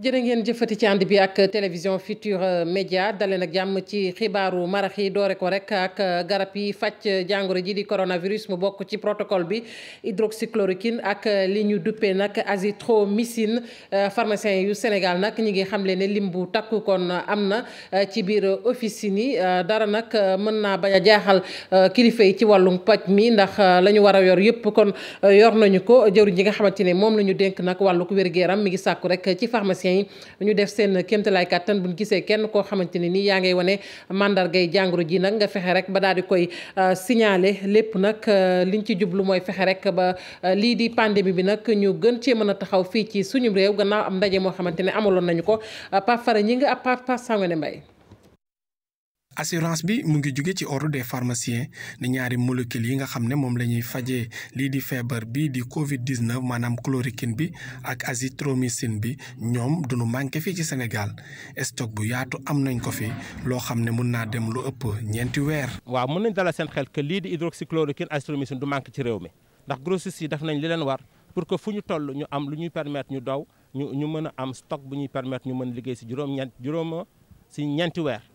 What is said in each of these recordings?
jërë ngeen jëfati ci ànd bi ak télévision Futurs média dale nag jàmm ci xibaaru marax yi doore ko rek ak garab yi faj jàngoro ji di coronavirus mu bokk ci protocole bi hydroxychloroquine ak li ñu duppee nag azithromycine pharmacien yu Sénégal nag ñi ngi xamle ne lim bu takku kon am na ci biir officine yi dara nag mën naa bañ jaaxal kilifa yi ci wàllu paj mi ndax la ñu war a yor yëpp kon yor nañu ko jëwriñ ji nga xamante ne moom lañu ñu dénk nag wàllu wér gu ñu def seen kéemtalaay kàttan buñ gisee kenn koo xamante ne nii yaa ngay wane mandargay jàngoro ji nag nga fexe rek ba daal di koy euh, signaler lépp nag euh, liñ ci jublu mooy fexe rek ba euh, lii di pandémie bi nag ñu gën cee mën a taxaw fii ci suñu réew gannaaw am ndaje moo xamante ne amaloon nañu ko Pape Fara ñi nga ab Pape Sangone Mbaye assurance bi mu ngi jóge ci ordre des pharmaciens ni ñaari molécules yi nga xam ne moom la ñuy fajee lii di feebar bi di Covid 19 maanaam chloroquine bi ak azithromycine bi ñoom duñu manqué fii ci Sénégal stock bu yaatu am nañ ko fi loo xam ne mun naa dem lu ëpp ñeenti weer. waa mun nañ dalal seen xel que lii di hydroxychloroquine azithromycine du manqué ci réew mi ndax grossistes yi def nañ li leen war pour que fu ñu toll ñu am lu ñuy permettre ñu daw ñu mën a am stock bu ñuy permettre ñu mën liggéey si juróom-ñeent si ñeenti weer.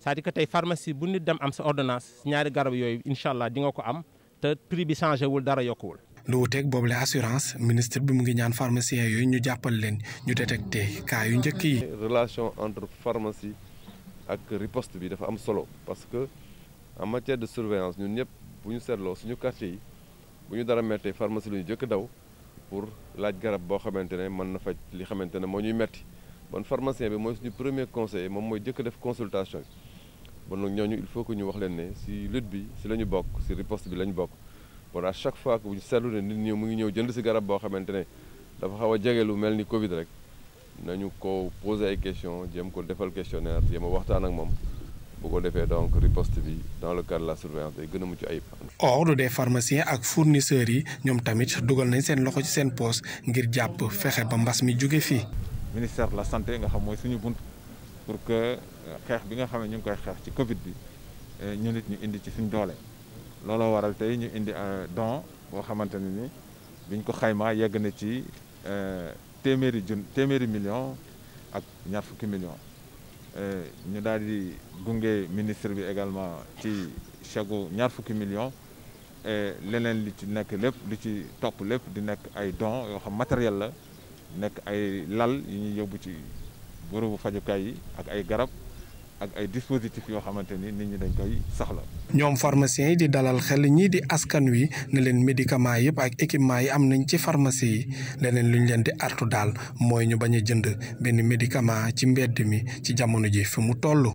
c'est-à-dire que tey pharmacie bu nit dem am sa ordonnance ñaari garab yooyu incha allah di nga ko am te prix bi changé wul dara yokkuwul. lu boobu boobule assurance ministre bi mu ngi ñaan pharmaciens yooyu ñu jàppale leen ñu détecté cas yu njëkk yi. relation entre pharmacie ak riposte bi dafa am solo parce que en matière de surveillance ñun ñëpp bu ñu seetloo suñu quartier yi bu ñu dara mettee pharmacie lu ñu jëkk daw pour laaj garab boo xamante ne mën na faj li xamante ne moo ñuy metti bon pharmacien bi mooy suñu premier moom mooy jëkk def consultation yi. bon nag ñooñu il faut que ñu wax leen ne si lutte bi ci la ñu bokk si riposte bi la ñu bokk bon à chaque fois que bu ñu seetlu nit ñi mu ngi ñëw jënd si garab boo xamante ne dafa xaw a jege lu mel ni Covid rek nañu ko poser ay questions jéem ko defal questionnaire jéem a waxtaan ak moom. bu ko defee donc riposte bi dans le cadre la surveillance day gën a mucc ayib. ordre des pharmaciens ak fournisseurs yi ñoom tamit dugal nañ seen loxo ci seen poos ngir jàpp fexe ba mbas mi jóge fii. ministère de la santé nga xam mooy suñu bunt. pour que euh, xeex bi nga xam ne ñu ngi koy xeex ci Covid bi euh, ñu nit ñu indi ci suñ doole looloo waral tey ñu indi euh, don boo xamante ne ni biñ ko xaymaa yegg na ci téeméeri jun téeméeri million ak ñaar fukki million ñu daal di gunge ministre bi également ci chegu ñaar fukki million leneen li ci nekk lépp li ci topp lépp di nekk ay don yoo xam matériel la nekk ay lal yu ñuy yóbbu ci bërëbu fajukaay yi ak ay garab ak ay dispositifs yoo xamante ni nit ñi dañ koy soxla. ñoom pharmaciens yi di dalal xel ñii di askan wi ne leen médicaments yëpp ak équipement yi am nañ ci pharmacie yi leneen lu ñu leen di artu daal mooy ñu bañ a jënd benn médicament ci mbedd mi ci jamono ji fi mu toll.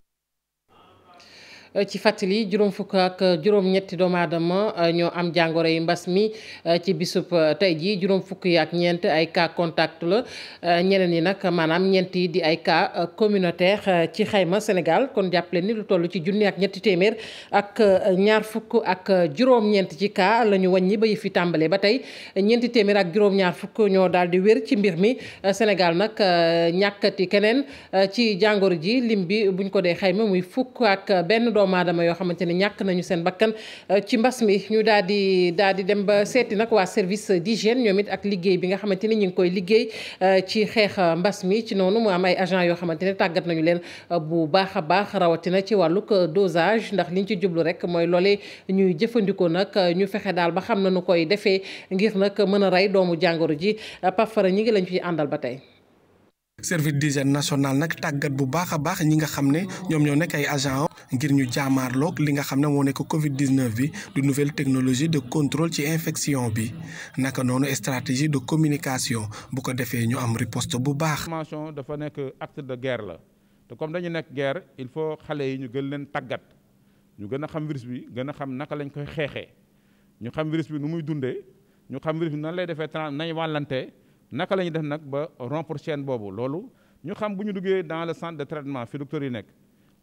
ci fàttali juróom fukk ak juróom-ñetti doomu aadama euh, ñoo am jàngoro yi mbas mi euh, ci bisub euh, tey ji juróom fukk yi ak ñeent ay cas contact la ñeneen yi nag maanaam ñeent di ay cas communautaire ci xayma Sénégal kon jàppale ni lu toll ci junni ak ñetti téeméer ak ñaar fukk ak juróom-ñeent ci cas la ñu wàññi ba yi fi tàmbalee ba tey ñeenti téeméer ak juróom-ñaar fukk ñoo daal di wér ci mbir mi Sénégal nag ñàkkati keneen ci jàngoro ji lim bi buñ ko dee xayma muy fukk ak benn doom doomu yoo xamante ne ñàkk nañu seen mbakkan euh, ci mbas mi ñu daal di daal di dem ba seeti nag waa service d'hygiène ñoom it ak liggéey bi nga xamante ni ñu ngi koy liggéey euh, ci xeex euh, mbas mi ci noonu mu am ay agent yoo xamante ne tàggat nañu leen bu baax a baax rawatina ci wàllug dosage ndax liñ ci jublu rek mooy loolee ñuy jëfandikoo nag ñu fexe daal ba xam na nu koy defee ngir nag mën a rey doomu jàngoro ji Pape Fara ñi ngi lañ ciy àndal ba tey service d'hygiène nationale nag tàggat bu baax a baax ñi nga xam ne ñoom ñoo nekk ay agent ngir ñu jaamaarloog li nga xam ne moo nekk Covid 19 bi du nouvelle technologie de contrôle ci infection bi naka noonu stratégie de communication bu ko defee ñu am riposte bu baax. formation dafa nekk acte de guerre la te comme dañu nekk guerre il faut xale yi ñu gën leen tàggat ñu gën a xam virus bi gën a xam naka lañ koy xeexee ñu xam virus bi nu muy dundee ñu xam bi nan lay defee nañ wàllante. naka la ñuy def nag ba rompre chaîne boobu loolu ñu xam bu ñu duggee dans le centre de traitement fi docteur yi nekk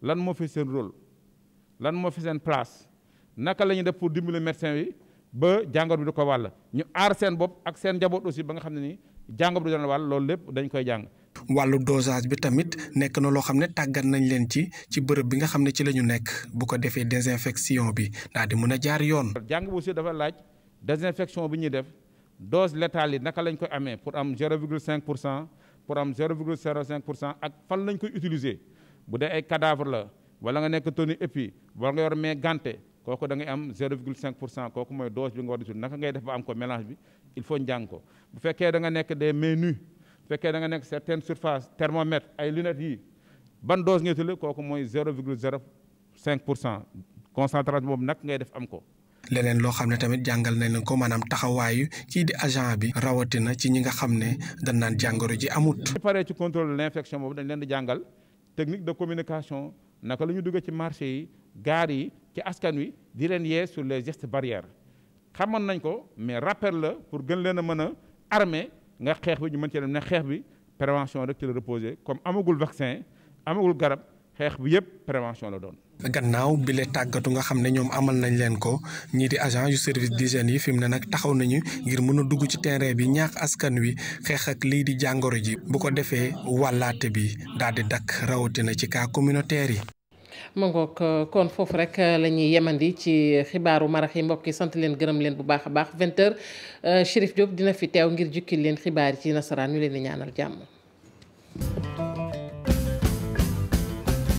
lan moo fi seen rôle lan moo fi seen place naka la ñuy def pour dimbali médecin yi ba jàngor bi du ko wàll ñu aar seen bopp ak seen njaboot aussi ba nga xam ne ni jàngor bi du doon wàll loolu lépp dañ koy jàng. wàllu dosage bi tamit nekk na loo xam ne tàggat nañ leen ci ci bërëb bi nga xam ne ci la ñu nekk bu ko defee désinfection bi daal di mën a jaar yoon. jàng bi aussi dafa laaj désinfection bi ñuy def. dose létale yi naka lañ koy amee pour am cinq pour cent pour am 0,05 pour cent ak fan lañ koy utiliser bu dee ay cadavre la wala nga nekk tenue épi wala nga yor main gante kooku da ngay am cinq pour cent kooku mooy dose bi nga war a naka ngay def ba am ko mélange bi il faut njàng ko bu fekkee danga nekk des mains nues bu fekkee da nga nekk certaines surfaces thermomètre ay lunettes yi ban dose nga utile kooku mooy 0,05 pour cent concentration boobu nag ngay def am ko. leneen loo xam ne tamit jàngal nañ ko maanaam taxawaayu kii di agent bi rawatina ci ñi nga xam ne dañ naan jàngoro ji amut. paree ci contrôle l'infection boobu dañ leen di jàngal technique de communication naka lu ñu duggee ci marché yi gaar yi ci askan wi di leen yee sur les gestes barrières xamoon nañ ko mais rappel la pour gën leen a mën a armé nga xeex bi ñu mën cee dem ne xeex bi prévention rek ci la reposer comme amagul vaccin amagul garab. xeex bi yëpp prévention la doon. gannaaw bi la tàggatu nga xam ne ñoom amal nañ leen ko ñii di agent yu service di d'hygiène yi fi mu ne nag taxaw nañu ngir mën a dugg ci terrain bi ñaax askan wi xeex ak lii di jàngoro ji bu ko defee wàllaate bi daal di dakk rawatina ci kaa communautaire yi. ma kon foofu rek lañuy ñuy yemandi ci xibaaru marax yi mbokk yi sant leen gërëm leen bu baax a baax 20h euh, Chérif dina fi teew ngir jukkil leen xibaar yi ci nasaraan ñu leen di ñaanal jàmm.